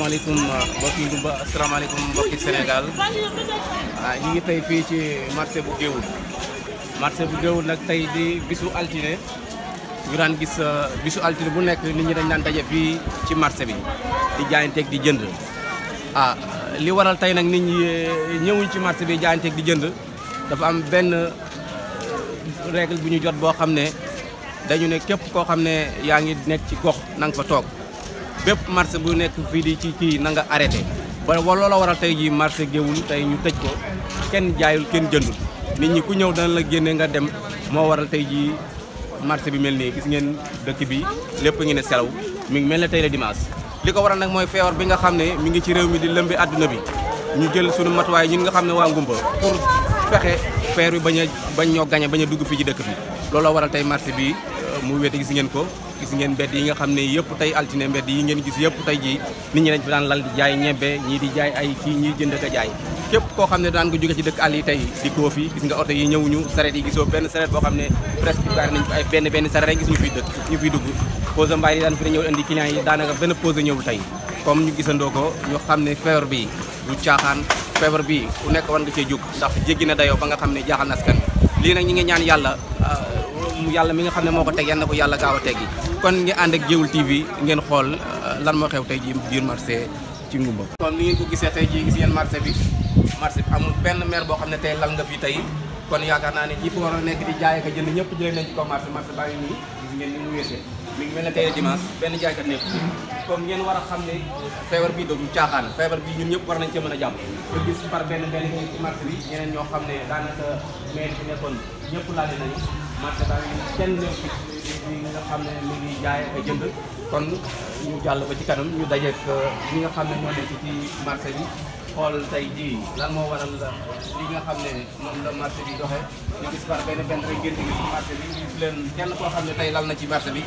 maaleykum mbokki Ndoumbé asalaamaaleykum uh, mbokki Sénégal uh, ñu ngi tey fii ci marché bu Géoul marché bu Géoul nag tey di bisu altine ñu daan gis uh, bisu altine bu nekk nit ñi dañ daan daje fii ci marché bi di jaayanteeg di jënd. ah li waral tey nag nit ñi ñëwuñ ci marché bi jaayanteeg di jënd dafa am benn règle bu ñu jot boo xam ne dañu ne képp koo xam ne yaa ngi nekk ci gox na nga fa toog. bépp marché bu nekk fi di ci ci na nga arrêté ba wala la waral tay jii marché géewul tay ñu tejj ko kenn jaayul kenn jëndul nit ñi ku ñëw dana la génne nga dem mo waral tay jii marché bi melni gis ngeen dëkk bi lepp ngi ne selaw mi ngi melni tay la dimanche liko waral nak moy feewar bi nga xamné mi ngi ci réew mi di lëmbé aduna bi ñu jël suñu matuwaay ñi nga xamné wa ngumba pour fexé feer bi baña bañ ñoo gagné baña dugg fi ci dëkk bi looloo waral tay marché bi mu wéti gis ngeen ko gis ngeen mbedd yi nga xamné yépp tay altiné altine yi ngeen gis yépp tay ji nit ñi lañ fi daan lal di jaay ñebbe ñi di jaay ay ki ñi jënd ka jaay képp ko xamné daan ko jóge ci dëkk ali tay di ko fi gis nga auto yi ñëw ñu saret yi gisoo benn saret bo xamné presque gaari nañ ko ay benn benn saret rek gis ñu fi dëkk ñu fi dugg pause mbaay yi daan fi ñëw andi client yi daanaka benn pause ñëw tay comme ñu gisandoo ko ñu xamné fever bi du caaxaan fever bi ku nekk war nga ci jóg ndax jéggina dayo ba nga xamné ne jaaxal na askan lii ñi ngi ñaan yalla yàlla mi nga xam ne moo ko teg yal na ko yàlla gaaw a teggi kon nga ànd ak Géoul TV ngeen xool uh, lan moo xew tey ji biir marché ci Ngoumba. kon ni ngeen ko gisee tey jii gis ngeen marché bi marché bi amul benn maire boo xam ne tey lal nga fi tey kon yaakaar naa ne ñi fa war a nekk di jaay ak a jënd ñëpp jëlee nañ ci ko marché marché baa ngi nii gis ngeen ni mu weesee mi ngi mel ne tey dimanche benn jaaykat nekk comme ngeen war a xam ne feebar bi dootul caaxaan feebar bi ñun ñëpp war nañ ci mën a jàpp nga gis par benn benn ci marché bi ñeneen ñoo xam ne daanaka maire bi nekkoon ñëpp laale nañu marché daal kenn néew nga xam ne mi ngi jaay ak jënd kon ñu jàll ko ci kanam ñu dajeek euh, ñi nga xam ne ñoo nekk ci bi xool tey jii lan moo waral euh, li nga xam ne moom la marché bi doxee ñu gis par benn benn rek ngeen di gis bi leen kenn koo xam ne tey lal na ci marché bi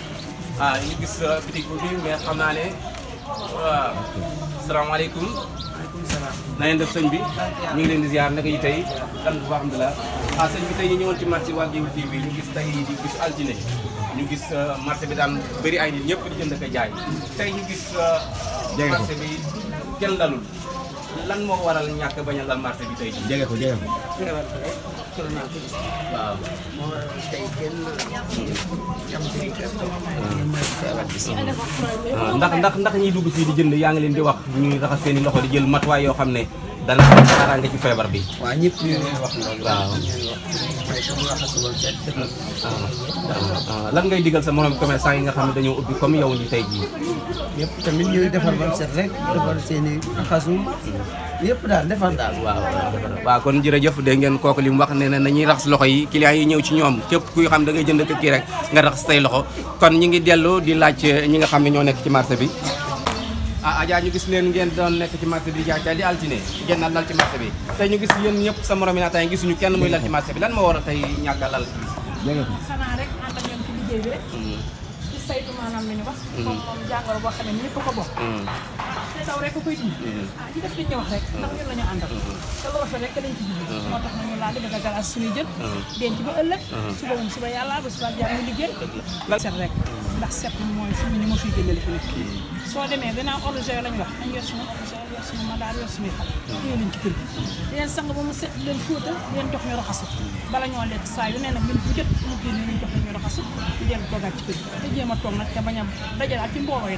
ah ñu gis euh, bitig bi mais xam naa ne waaw salaamaaleykum na ngeen def sëñ bi ñu ngi leen di ziar naka yi tey sant bu baax la ah sëñ bi tey ñu ñëwoon ci marché Wagyu TV ñu gis tey di gis altine ñu gis euh, marché bi daan bëri ay nit ñëpp di jënd ak jaay tey ñu gis euh, marché bi kenn lalul lan moo waral ñàkk bañ a marché bi tey jege ko jege ko problematics ndax ndax ndax ñi dugg fii di jënd yaa ngi leen di wax bu ñuy raxas seen loxo di jël matuwaay yoo xam ne dana xarange ci feebar bi waaw ñëpp ñu leen wax waaw xam ne lan ngay digal sa morom commerçant yi nga xam ne dañoo ubbi comme yow ñu tey jii. yëpp tamit ñuy defar ba set rek seen i xasum yëpp daal defar daal. waaw waaw kon jërëjëf dee ngeen kooku li mu wax nee na nañuy raxas loxo yi clients yi ñëw ci ñoom këpp kuy xam da ngay jënd kii rek nga raxas say loxo kon ñi ngi dellu di laaj ñi nga xam ne ñoo nekk ci marché bi. Ah, aja Adja ñu gis leen ngeen doon nekk ci marché bi jaay di altine ngeen lal ci marché bi tey ñu gis yéen ñëpp sa morom yi naa tey gisuñu kenn muy lal ci marché bi lan moo waral tey ñàkk a lal xanaa rek ànd ak ñoom ci liggéey bi rek mm. ci saytu maanaam li wax mm. comme moom jàngoro boo xam ne ko bokk mm. te taw rek koy dindi ah def rek ndax ñun la ñu àndal te lu rek lañ ci dindi moo tax nañu di dafa galaas suñuy jël denc ba suba suba suba liggéey rek ndax set mooy fi ñu ma fiy jëndal fi hmm. soo demee gannaaw orgeo lañ wax nañ yor suñu orgeo yor suñu hmm. ñu raxasu bala ñoo lekk saa yu nee jéem a toog nag te bañ a dajalaat ci mbooloo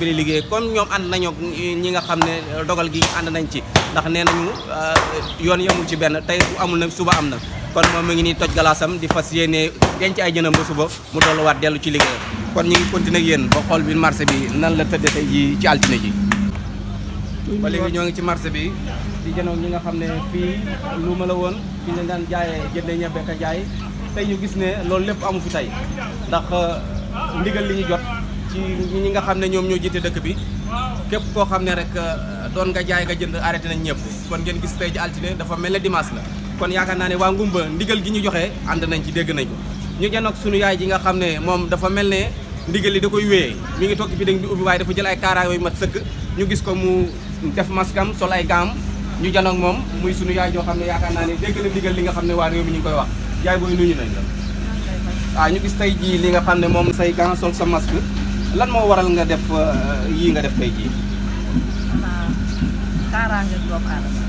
bi liggéey comme ñoom ànd nañoo ñi nga xam ne dogal gi ànd nañ ci ndax nee nañu euh, yoon yemul ci benn tey amul na suba am na kon moom mi ngi nii toj galaasam di fas yéene denc ay jënam ba suba mu dolluwaat dellu ci liggéey kon ñu ngi continuer ak yéen ba xool bi marché bi nan la tëddee tey jii ci altine ji. ba léegi ñoo ngi ci marché bi di jënoog ñi nga xam ne fii lu ma la woon fii lañ daan jaayee jëndee ñebe ka jaay tey ñu gis ne loolu lépp amu fi tey ndax euh, ndigal li ñu jot ci ñi nga xam ne ñoom ñoo jiite dëkk bi képp koo xam ne rek euh, doon nga jaay nga jënd arrêté nañ ñëpp kon ngeen gis tey ji altine dafa mel ne dimanche la. kon yaaka naane wa ngumba ndigal gi ñu joxe and nañ ci dégg nañ ko ñu ak suñu yaay ji nga xamne mom dafa melne ndigal li da koy wé mi ngi tok fi dañ bi ubi way dafa jël ay kaara yooyu mat sëkk ñu gis ko mu def maskam sol ay gam ñu ak mom muy suñu yaay jo xamne yaaka naane naa ne na ndigal li nga xamne wa rew mi ñu koy wax yaay boy nuñu nañ la ah, ñu gis tay ji li nga xamne mom say gam sol sa masque lan mo waral nga def euh, yi nga def tay ji kaaraange doomu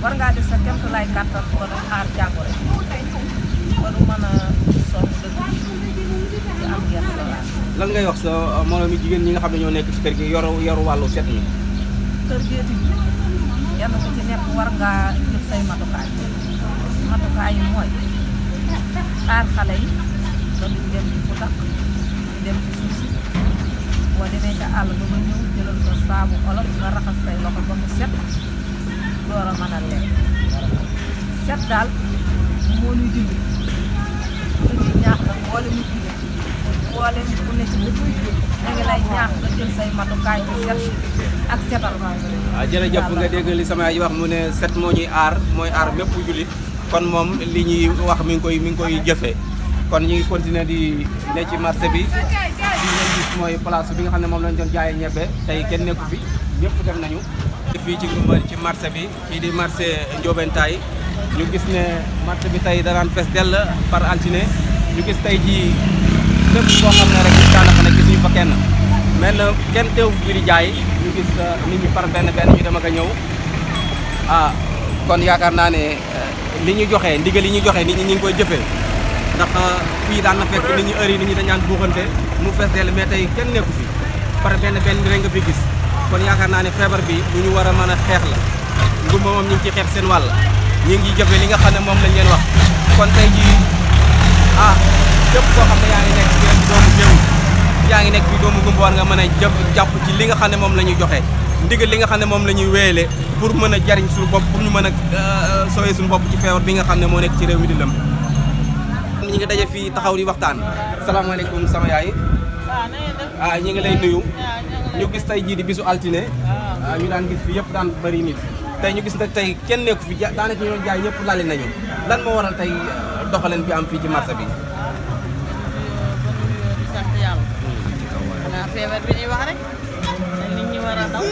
war ngaa def sa kéem lay kàttan ba doon aar jàngoro ba du lan ngay wax sa moromi jigéen ñi nga xam ne ci kër gi yoru yoru wàllu set mi. kër gi itam kenn ku ci nekk war ngaa jël say matukaay matukaay yi mooy aar yi dem fu dem ci sa saabu olof nga raxas say loxo ba mu set. door a mën set daal moo ñuy dindi ñu ngi ñaax nag boole ñu julli boole ku lu ñaax nga jël say matukaay ci set ak setal waaw ah, jërëjëf nga dégg li sama yaay wax mu ne set moo ñuy aar mooy aar mépp jullit kon moom li ñuy wax mi ngi koy mi ngi kon ñu ngi continuer di ne ci marché bi mooy place bi nga xam ne moom lañ doon jaayee ñebbe tey kenn nekku fi ñëpp dem nañu. fii ci Ngoumba ci marché bi fii di marché Ndiobentaay ñu gis ne marché bi tey danaan fees dell par altine ñu gis tey jii lépp koo xam ne rek daanaka ne gis ñu fa na kenn teewu jaay ñu gis euh, nit par benn benn ñu dem ak a ñëw ah, kon yaakaar naa ne euh, li ñu joxe ndigal yi ñu joxe nit ñi ñu ngi koy jëfee ndax euh, daan na fekk nit ñi yi nit ñi dañaan buuxante mu fees dell mais tey kenn nekku fi par benn benn rek nga fi gis. kon yaakaar naa ne feebar bi lu ñu war a mën a xeex la ngumba moom ñu ngi ci xeex seen wàll ñu ngi jëfe li nga xam ne moom lañ leen wax kon tey jii ah képp koo xam ne yaa ngi nekk ci doomu jéew yaa ngi nekk fi doomu gumba war nga mën a jëpp jàpp ci li nga xam ne moom la ñuy joxe ndigal li nga xam ne moom la ñuy wéyale pour mën a jariñ suñu bopp pour ñu mën a euh, sooyee suñu bopp ci feebar bi nga xam ne moo nekk ci réew mi di lëm ñi nga daje fii taxaw di waxtaan salaamaaleykum sama yaay ah ñi ngi lay nuyu ñu gis tay ji di bisu altine ah, ñu daan gis fi yépp daan bari nit tay ñu gis na tay kenn nekku fi daanaka ñoo jaay ñepp lale nañu lan mo waral tay ah, doxalen bi am fi ci marché bi bi ñuy wax rek nit ñi daw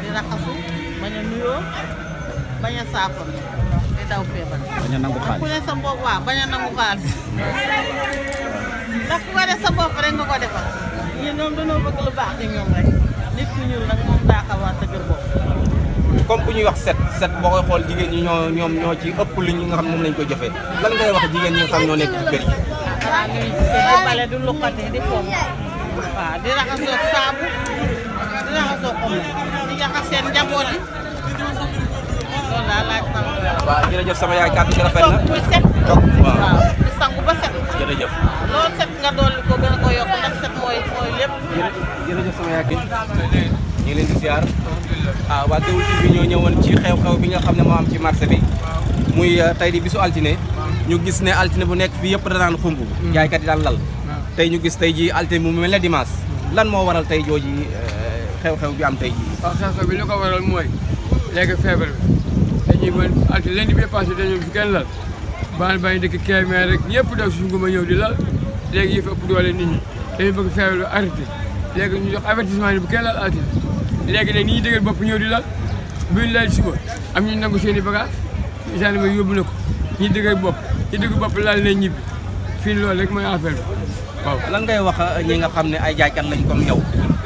di raxasu banyak a banyak bañ di daw feebar bañ nangu xaalis ku ne sa bopp waaw bañ nangu ndax ku ko def sa rek nga ko defal ñun ñoom dañoo nit ku ñuul nag moom daa xaw a dëgër bopp. comme bu ñuy wax set set boo koy xool jigéen ñi ñoo ñoom ñoo ci ëpp li ñu nga xam moom lañ ko jëfee lan ngay wax jigéen ñi nga ñuy di bale du lukkati di pomp waaw di raxasoo saabu di raxasoo omo di raxas seen njaboot yi loolu daal laaj sama. waaw jërëjëf sama yaay kàddu gi rafet na toog bu set. waaw. Yàkkin ñu ngi leen di ziar ah waa Géoul TV ñoo ci xew-xew bi nga xam ne moo am ci marché bi muy ah, tey di bisu altine ñu gis ne altine bu nekk fii yëpp danaan xumb jaaykat yi daan lal tey ñu gis tey ji altine mu mel ne dimanche lan moo waral tey jooji eh, xew-xew bi am tey ji ah, waaw bi li ko waral mooy léegi feebar bi dañuy mën altine leen di bi passé dañu fi kenn lal baan bàyyi dëkk Kébémer ñëw di lal léegi yëf ëpp doole nit ñi dañu bëgg feebar bi arrêté léegi ñu jox avertissement ni bu kenn laal léegi nag ni ñuy bopp ñëw di laal bu ñu laal suba am ñu nangu seen i bagage gendarmerie yóbbu na ko ñi dëggal bopp ñi dëgg bopp laal ne ñibbi fii loolu rek mooy affaire bi waaw. lan ngay wax ñi nga xam ne ay jaaykat lañ comme yow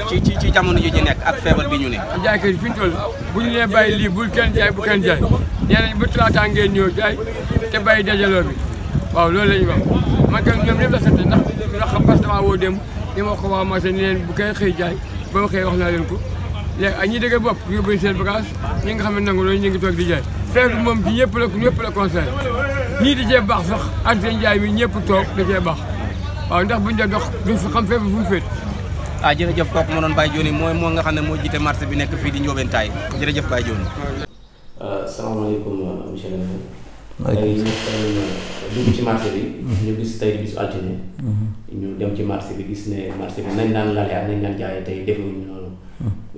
ci ci ci jamono ji ñu nekk ak feebar bi ñu ne. jaaykat yi fi ñu toll bu ñu nee bàyyi lii bul kenn jaay bu kenn jaay nee nañ ba talaata ngeen ñëw jaay te bàyyi dajaloo bi waaw loolu la ñu wax man kay ñoom ñëpp la sant ndax ndax xam parce que damaa woo démb li ma ko waa marché ni bu kenn xëy jaay ba ma xëy wax naa leen ko léegi ak ñi dëgg bopp yóbbuñ seen bagage ñi nga xam ne nangu loolu ñu ngi toog di jaay feebar bi moom ci ñëpp la ñëpp la conseil ñii di cee baax sax ak seen jaay mi ñëpp toog da cee baax waaw ndax buñ da dox duñ fi xam feebar fu mu féet ah jërëjëf kooku ma doon Baye Dioni mooy moo nga xam ne moo jiite marché bi nekk fii di Ndiobène Taye jërëjëf Baye Dioni. Euh, salaamaaleykum monsieur le maire. tey ñu dugg ci marché bi. ñu gis tey bisu altine. ñu dem ci marché bi gis ne marché bi nañ daan lale ak nañ daan jaayee tey defuñu loolu.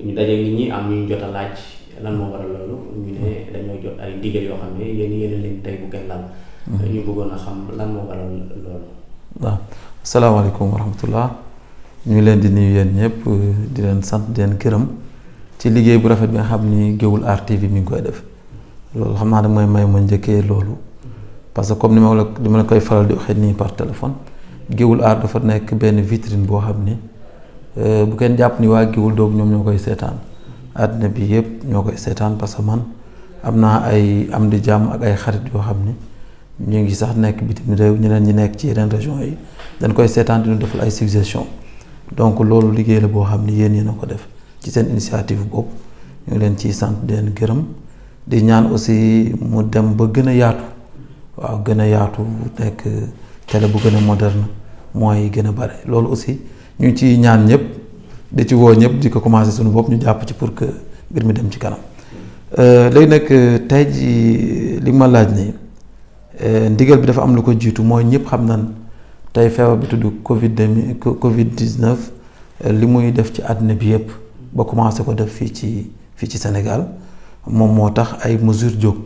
ñu daje nit ñi am ñu jot a laaj lan moo waral loolu ñu ne dañoo jot ay ndigal yoo xam ne yéen yéen leen tey bu kenn lal. ñu bëggoon a xam lan moo waral loolu. waaw nah, asalaamaaleykum wa rahmatullah ñu leen di nuyu yéen ñëpp di leen sant di leen gërëm ci liggéey bu rafet bi nga xam ni Géoul mi ngi koy def. loolu xam naa ne mooy may ma njëkkee loolu parce que comme ni ma la ni koy faral di waxee nii par téléphone géwul Art dafa nekk benn vitrine boo xam ni euh, bu kenn jàpp ni waa Géoul doog ñoom ñoo koy seetaan àddina bi yëpp ñoo koy seetaan parce que man am naa ay am di jàmm ak ay xarit yoo xam ni ñu ngi sax nekk bitim ñeneen ñi nekk ci yeneen yi dañ koy seetaan di ñu defal ay suggestion donc loolu liggéey la boo xam ni yéen yéen a ko def ci seen initiative boobu ñu leen ciy sant di leen gërëm. di ñaan aussi mu dem ba gën a yaatu waaw gën a yaatu nekk télé bu gën a moderne mooy gën a bare loolu aussi ñu ci ñaan ñëpp di ci woo ñëpp di ko commencé suñu bopp ñu jàpp ci pour que mbir mi dem ci kanam léegi nag tey ji li ma laaj ni ndigal bi dafa am lu ko jiitu mooy ñëpp xam nañ tey feebar bi tudd Covid demi Covid 19 li muy def ci àddina bi yëpp ba commencé ko def fii ci fii ci Sénégal. moom moo tax ay mesures jóg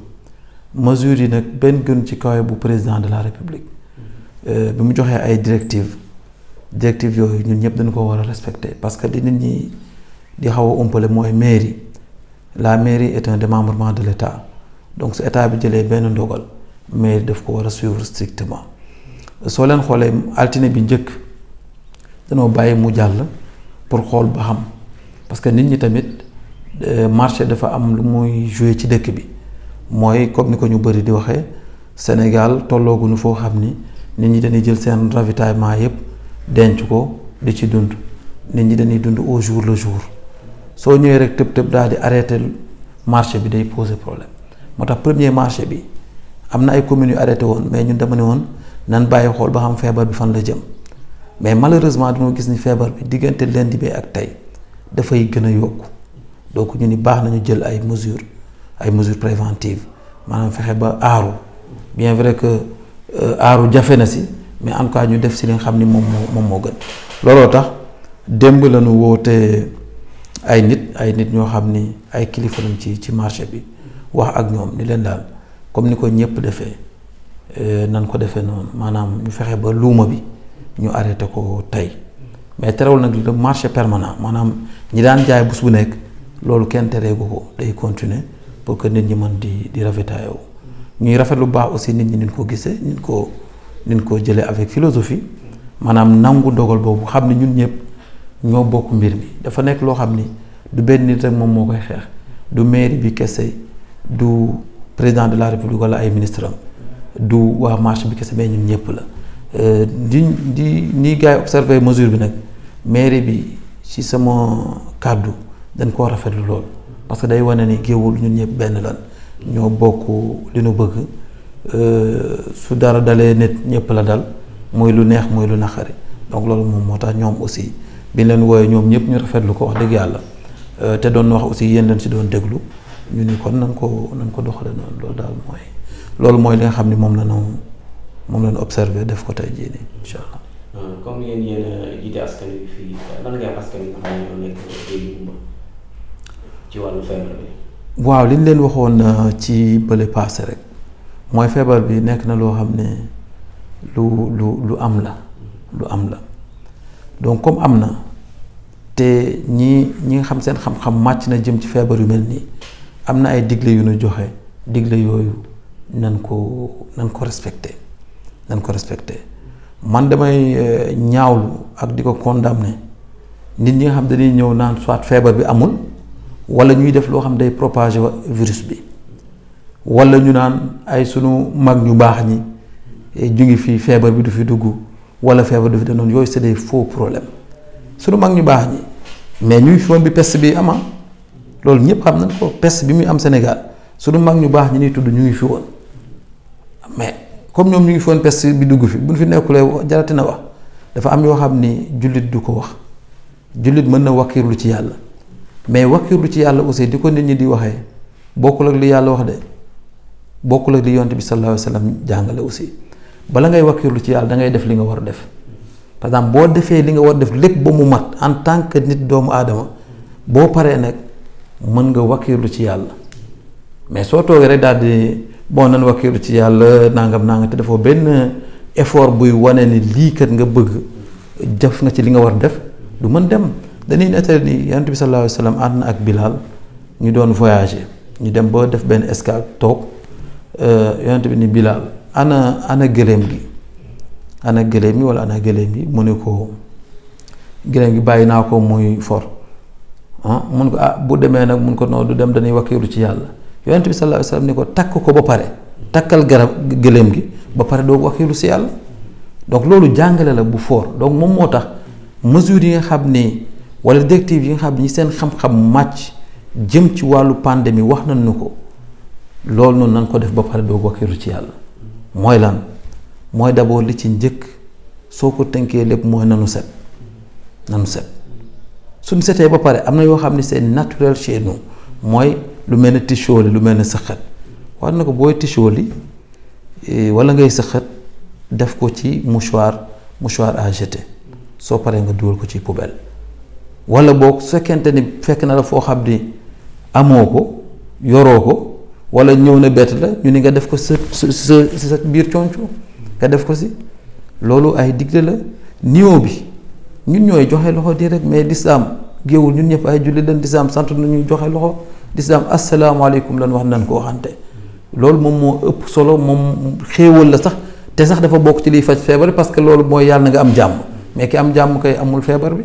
mesures yi nag benn gën ci kawe bu président de la république euh, bi mu joxee ay directives directives yooyu ñun ñëpp dañu ko war a respecter parce que li nit ñi di xaw a umpale mooy mairie la mairie est un démembrement de l'État donc su état bi jëlee benn ndogal mairie daf ko war a suivre strictement soo leen xoolee altine bi njëkk danoo bàyyi mu jàll pour xool ba xam parce que nit ñi tamit. Euh, marché dafa am lu muy joué ci dëkk bi mooy comme ni ko ñu bëri di waxee Sénégal tollooguñu foo xam ni nit ñi dañuy jël seen ravitaillement yépp denc ko di ci dund nit ñi dañuy dund au jour le jour soo ñëwee rek tëb tëb daal di arrêté marché bi day poser problème moo tax premier marché bi am na ay communes yu arrêté woon mais ñun dama ne woon nan bàyyi xool ba xam feebar bi fan la jëm mais malheureusement dañoo gis ni feebar bi diggante lundi bi ak tey dafay gën a yokku. donc ñu ni baax nañu jël ay mesures ay mesures préventives maanaam fexe ba aaru bien vrai que euh, aaru jafe na si mais en ñu def si li nga xam ni moom moom moo gën looloo tax démb lañu woote ay nit ay nit ñoo xam ni ay kilifa lañ ci ci marché bi wax ak ñoom ni leen daal comme ni ko ñëpp defee euh, nan ko defee noonu maanaam ñu fexe ba luuma bi ñu arrêté ko tey mais terewul nag le marché permanent maanaam ñi daan jaay bés bu nekk loolu kenn tereegu ko day continuer pour que nit ñi mën di di rafetaayoo ñuy rafet lu baax aussi nit ñi nin koo gisee nin ko nin koo jëlee avec philosophie maanaam nangu dogal boobu xam ne ñun ñëpp ñoo bokk mbir mi dafa nekk loo xam ni du benn nit rek moom moo koy xeex du mairie bi kese du président de la république wala ay ministre am du waa marché bi kese mais ñun ñëpp la euh, di di nii gars yi observé mesure bi nag mairie bi ci sama kàddu dañ ko rafetlu lool parce que day wane ni géewul ñun ñëpp benn lan ñoo bokk li nu bëgg euh, su dara dalee nit ñëpp la dal muy lu neex muy lu naxari donc loolu moom moo tax ñoom aussi bi leen wooyee ñoom ñëpp ñu rafetlu ko wax dëgg yàlla euh, te doon wax aussi yéen leen si doon déglu ñu ni kon nan ko nan ko doxale noonu loolu daal mooy loolu mooy li nga xam ni moom la ñu moom def ko tey jii nii incha euh, comme yéen yéen a jiite askan wi fii lan nga askan wi nga xam ne ñoo nekk ci wàllu feebar bi. waaw li ñu leen waxoon uh, ci bële paase rek mooy feebar bi nekk na loo xam ne lu lu lu am la lu am la donc comme am na te ñi ñi nga xam seen xam-xam màcc na jëm ci feebar yu mel nii am na ay digle yu ñu joxe digle yooyu nan ko nan ko respecté nan ko respecté man damay uh, ñaawlu ak di ko condamné nit ñi nga xam dañuy ñëw naan soit feebar bi amul. wala ñuy def loo xam day propager virus bi wala ñu naan ay sunu mag ñu baax ñi eh, ñu ngi fi feebar bi du fi dugg wala feebar du fi def noonu yooyu c'est des faux problèmes sunu mag ñu baax ñi mais ñuy fi bi peste bi ama loolu ñëpp xam nañ ko peste bi muy am Sénégal sunu mag ñu baax ñi ni tudd ñu ngi fi woon mais comme ñoom ñu ngi fi woon peste bi dugg fi buñ fi nekkulee jarati na wax dafa am yoo xam ni jullit du ko wax jullit mën na wakkiirlu ci yàlla. mais wakkirlu ci yalla aussi di ko nit ñi di waxe bokul ak li yalla wax de bokul ak li yonte bi sallallahu alayhi wasallam jangale aussi bala ngay ci yalla da ngay def li nga war def par exemple bo defé li nga war def lepp ba mu mat en tant que nit doomu adama bo paré nak mën nga wakkirlu ci yalla mais so toogee rek dal di bo nan wakkirlu ci yalla nangam nang te defoo ben effort buy wane ni li kat nga bëgg def nga ci li nga war def du mën dem dañuy netal ni yonent bi sallallahu alayhi Wasallam sallam ak Bilal ñu doon voyager ñu dem ba def ben escale euh yonent bi ni Bilal ana ana gelem gi ana gelem mi wala ana gelem mi mu ne ko gelem gi bayina ko muy for ah mun ko ah bu demee nag mun ko no du dem dañuy wakiru ci yalla yonent bi sallallahu alayhi Wasallam ni ko takko ko ba pare takal garab gelem gi ba pare do wakiru ci yalla donc lolu jangale la bu for donc mom motax mesure yi nga xamni wala directive yi nga xam ni seen xam-xam màcc jëm ci wàllu pandémie wax nañ nu ko loolu noonu nañ ko def ba pare doo wakkilu ci yàlla mooy lan mooy d'abord li ci njëkk soo ko tënkee lépp mooy nanu set nanu set suñ setee ba pare am na yoo xam ne c'est naturel chez nous mooy lu mel ne tisooli lu mel ne sëqat war na ko booy li eh, wala ngay sëqat def ko ci mouchoir mouchoir à soo paree nga dugal ko ci poubel wala boo fekkente ni fekk na la foo xam ni amoo ko yoroo ko wala ñëw na bett la ñu ni nga def ko sa sa sa biir conco nga def ko si loolu ay digle la niwo bi ñun ñooy joxe loxo di rek mais lislaam géewul ñun ñëpp ay julli leen lislaam sant nañu joxe loxo lislaam asalaamaaleykum lan wax nan ko waxante loolu moom moo ëpp solo moom xéewal la sax te sax dafa bokk ci liy faj feebar parce que loolu mooy yàlla na nga am jàmm mais ki am jàmm kay amul feebar bi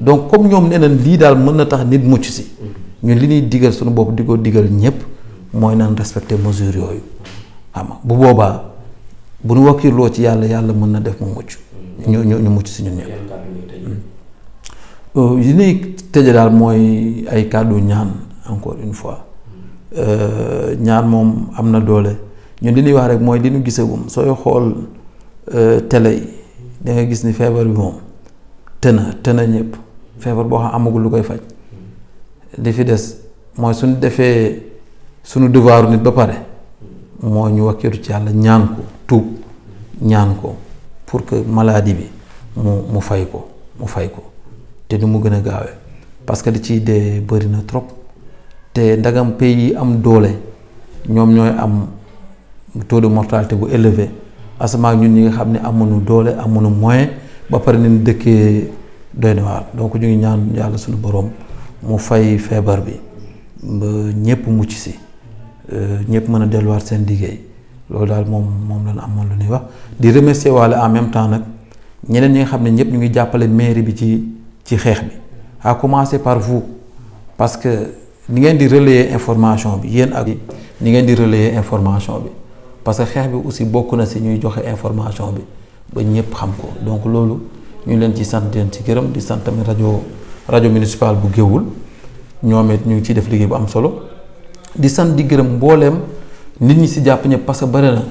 donc comme ñoom nee lii daal mën na tax nit mucc si ñu li ñuy digal suñu bopp di ko digal ñëpp mooy naan respecter mesure yooyu xam nga bu boobaa bu ñu wakkirloo ci yàlla yàlla mën na def mu mucc ñu ñu ñu mucc si ñun ñëpp euh, li ñuy tëje daal mooy ay kàddu ñaan encore une fois euh, ñaan moom am na doole ñun li ñuy wax rek mooy li ñu gisagum sooy xool euh, télé yi da gis ni feebar bi moom tëna tëna ñëpp feebar boo xam amagul lu koy faj li fi des mooy suñu defee suñu devoiru nit ba pare moo ñu wakkeetu ci yàlla ñaan ko tuub ñaan ko pour que maladie bi mu mu fay ko mu fay ko te nu mu gën a gaawee parce que li ciy dee bëri na trop te ndagam pays yi am doole ñoom ñooy am taux de mortalité bu élevé asamaan ñun ñi nga xam ne amuñu doole amuñu moyen ba pare nañ dëkkee. donc ñu ñaan yàlla suñu borom mu fay feebar bi ba ñëpp mucc si euh, ñëpp mën a delluwaat seen liggéey loolu daal lañ remercier en même temps nag ñeneen ñi nga commencer par vous parce que ni ngeen di information bi yéen ak information parce que xeex bi aussi beaucoup si ñuy joxe information bi ba xam donc ñu leen ci sant leen ci gërëm di sant tamit rajo rajo municipal bu géewul ñoom it ñu ngi ciy def liggéey bu am solo di sant di gërëm mbooleem nit ñi si jàpp ñëpp parce que bëri na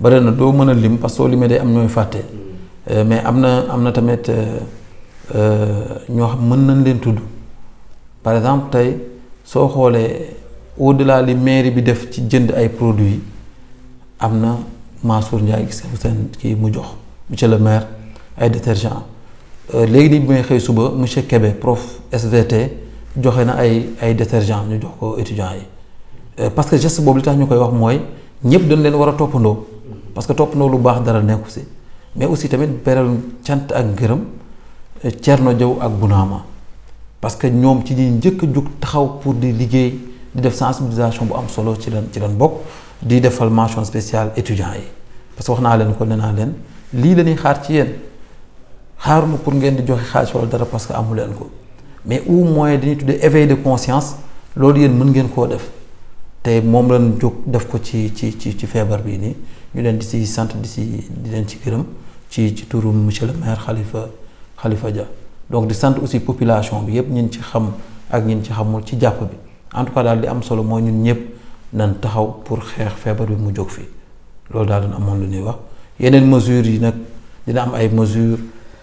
bëri na doo mën a lim parce que soo limee day am ñooy fàtte euh, mais am na am na tamit euh, euh, ñoo xam mën nañ leen tudd par exemple tey soo xoolee au delà li mairie bi def ci jënd ay produits am na Mansour Ndiaye gis seen kii mu jox monsieur le maire. ay détergent léegi nii bu xëy suba monsieur Kébé prof SVT joxe na ay ay détergent ñu jox ko étudiants yi parce que geste boobu li tax ñu koy wax mooy ñëpp dañ leen war a toppandoo parce que toppandoo lu baax dara nekku si mais aussi tamit beral cant ak ngërëm Thierno Diaw ak Bounama parce que ñoom ci ñi njëkk a jug taxaw pour di liggéey di def sensibilisation bu am solo ci lan ci lan bokk di defal mention spéciale étudiants yi parce que wax naa leen ko nee naa leen lii la ñuy xaar ci yéen. xaaruma pour ngeen di parce que mais au moyen dañuy éveil de conscience loolu yéen mën ngeen koo def te moom la jóg def ko ci ci ci ci feebar bii ñu leen di si sant di di leen ci donc di aussi population bi ci xam ak ci xamul ci en tout cas di am solo ñun ñëpp taxaw pour xeex feebar bi mu mesures mesures.